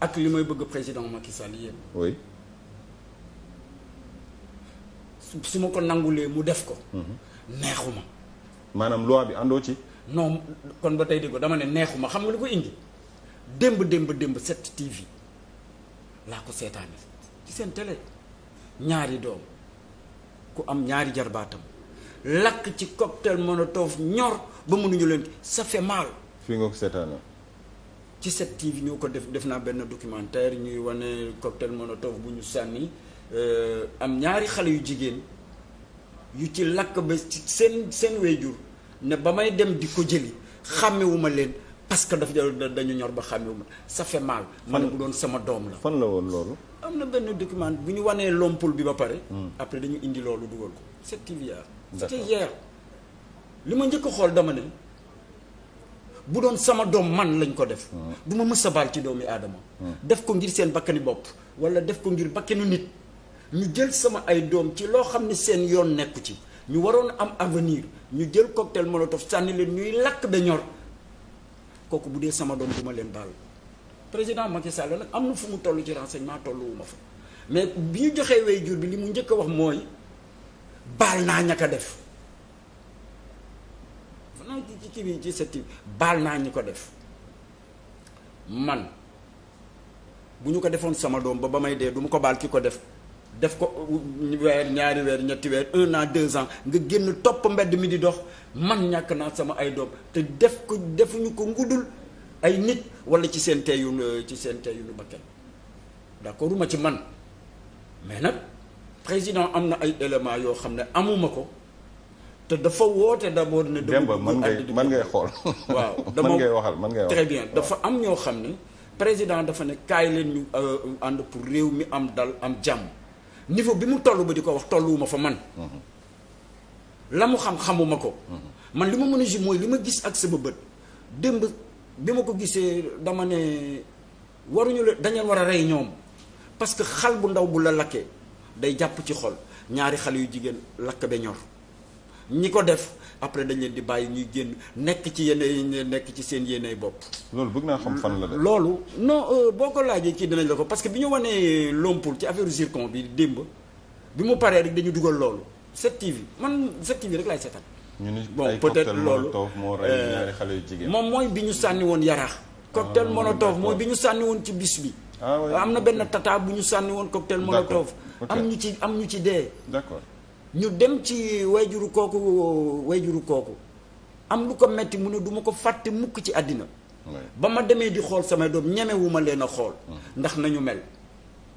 ak li may bëgg président Macky Sall yépp oui. su su ma ko nangulee mu def ko. Mhm. ma maanaam loi bi àndoo ci. non kon ba tey di ko dama ne ma xam nga li ko indi démb démb démb 7 TV laa ko seetaane ci seen tele ñaari doom ku am ñaari jarbaatam lakk ci cocktail molotov ñor ba mënuñu leen ça fait mal. fii nga ko seetaane. ci 7TV ñoo ko def def naa benn documentaire ñuy wane cocktail toog bu ñu sànni euh, am ñaari xale yu jigéen yu ci lakk ba ci seen seen wéyjur ne ba may dem di ko jëli xàmmewuma leen parce que dafa dañu ñor ba xàmmewuma ça fait mal. man bu doon sama doom la. fan la woon loolu. am na benn document bu ñu wanee lompul bi ba pare. Hmm. après dañu indi loolu dugal ko. 7TV c'était hier li ma njëkk xool dama ne. bu doon sama doom man lañ ko def. Hmm. du ma mës a baal ci doomi aadama. Hmm. def ko ngir seen bakkani bopp wala def ko ngir bakkanu nit ñu jël sama ay doom ci loo xam ne seen yoon nekku ci ñu waroon am avenir ñu jël cocktail molotov sànni leen ñuy lakk ba kooku bu dee sama doom du ma leen baal. président Macky Sall nag am na fu mu toll ci renseignement maa ma fa mais bi ñu joxee wéy jur bi li mu njëkk a wax mooy baal naa ñaka def. naa bi ci setti baal naa ñu ko def man bu ñu ko defoon sama doom ba ba may dee duma ko baal ki ko def def ko weer ñaari weer ñetti weer un naa deux ans nga génn topp mbedd mi di dox man ñàkk naa sama ay doom te def ko defuñu ko ngudul ay nit wala ci seen teyu ci seen teyu lu bakkan d'accorduma ci man mais nag président am na ay éléments yoo xam ne amuma ko te dafa woote d'abord ne. démb mën ngay man ngay xool. waaw dama mën ngay waxal mën ngay wax. très bien dafa am ñoo xam ne président dafa ne kaay leen ñu euh, ànd pour réew mi am dal am jàmm niveau bi mu toll ba di ko wax tolluwuma fa man. Mhm. la mu xam xamuma ko. Mhm. man li ma mën a ji li ma gis ak sama bët démb bi ma ko gisee dama ne waruñu la dañu war a rey ñoom parce que xal bu ndaw bu la lakkee day jàpp ci xol ñaari xale yu jigéen lakk ba ñor. ñi ko def après dañ leen di bàyyi ñuy génn nekk ci yenn nekk ci seen yéenay bopp. loolu bëgg naa xam fan la de. loolu non euh, boo ko laajee kii dinañ la ko parce que bi ñu wanee Lompoul ci affaire zircon bi démb bi mu paree rek dañu dugal loolu 7TV man 7TV rek lay seetaan. ñu ni bon peut-être loolu moo rey euh, xale yu jigéen moom mooy bi ñu sànni woon yaraax. Ah, cocktail molotov mooy bi ñu sànni woon ci bis bi. Ah, am na benn tata bu ñu sànni woon cocktail molotov. am ñu ci am ñu ci dee. d'accord. ñu dem ci wayjuru kooku wayjuru kooku am lu ko metti mu ne duma ko fàtte mukk ci àddina ba ma demee di xool samay doom ñemewu ma leen a xool mm. ndax nañu mel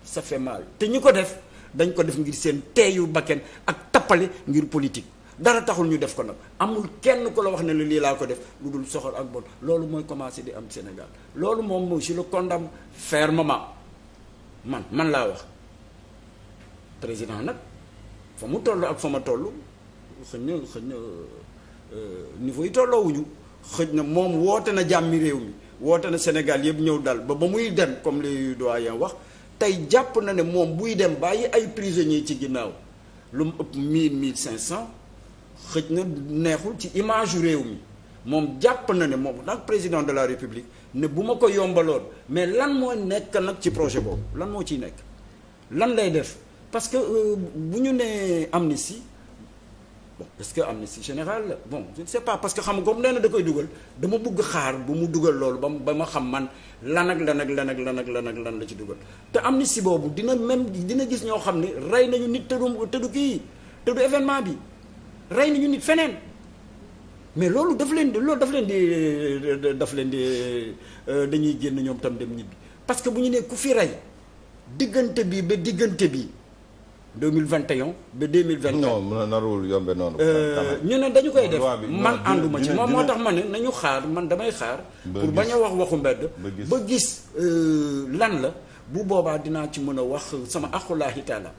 sa fait mal te ñu ko def dañ ko def ngir seen teeyu bakken ak tappale ngir politique dara taxul ñu def ko nag amul kenn ku la wax ne la lii laa ko def lu dul soxor ak bon loolu mooy commencé di am Sénégal loolu moom mooy je le condamne fermement man man laa wax président nag fa mu toll ak fa ma toll xëj na xëj na niveau yi tolloowuñu xëj na moom woote na jàmmi réew mi woote na Sénégal yëpp ñëw dal ba ba muy dem comme les yi wax tey jàpp na ne moom buy dem bàyyi ay prisonniers ci ginnaaw lu mu ëpp mille mille cinq cent xëj na neexul ci image réew mi moom jàpp na ne moom nag président de la république ne bu ma ko yombaloon mais lan moo nekk nag ci projet boobu lan moo ciy nekk lan lay def parce que euh, bu ñu nee amnistie bon est-ce que amnistie générale la bon je ne sais pas parce que xam nga comme nee na da koy dugal dama bëgg xaar ba mu dugal loolu ba ba ma xam man lan ak lan ak lan ak lan ak lan ak lan la ci dugal te amnistie boobu dina même dina gis ñoo xam ne rey nañu nit te du te du kii te du événement bi rey nañu nit feneen mais loolu daf leen di loolu daf leen di daf leen di euh, dañuy génn ñoom tam dem ñibbi parce que bu ñu nee ku fi rey diggante bi ba diggante bi. deux mille 2021 ba 2024. non mën na narul yombe noonu. Euh, ñu ne dañu koy def man ànduma ci moom moo tax ma ne nañu xaar man damay xaar. pour bañ a wax waxu mbedd. ba gis euh, lan la bu boobaa dinaa ci mën a wax sama axulaahi taala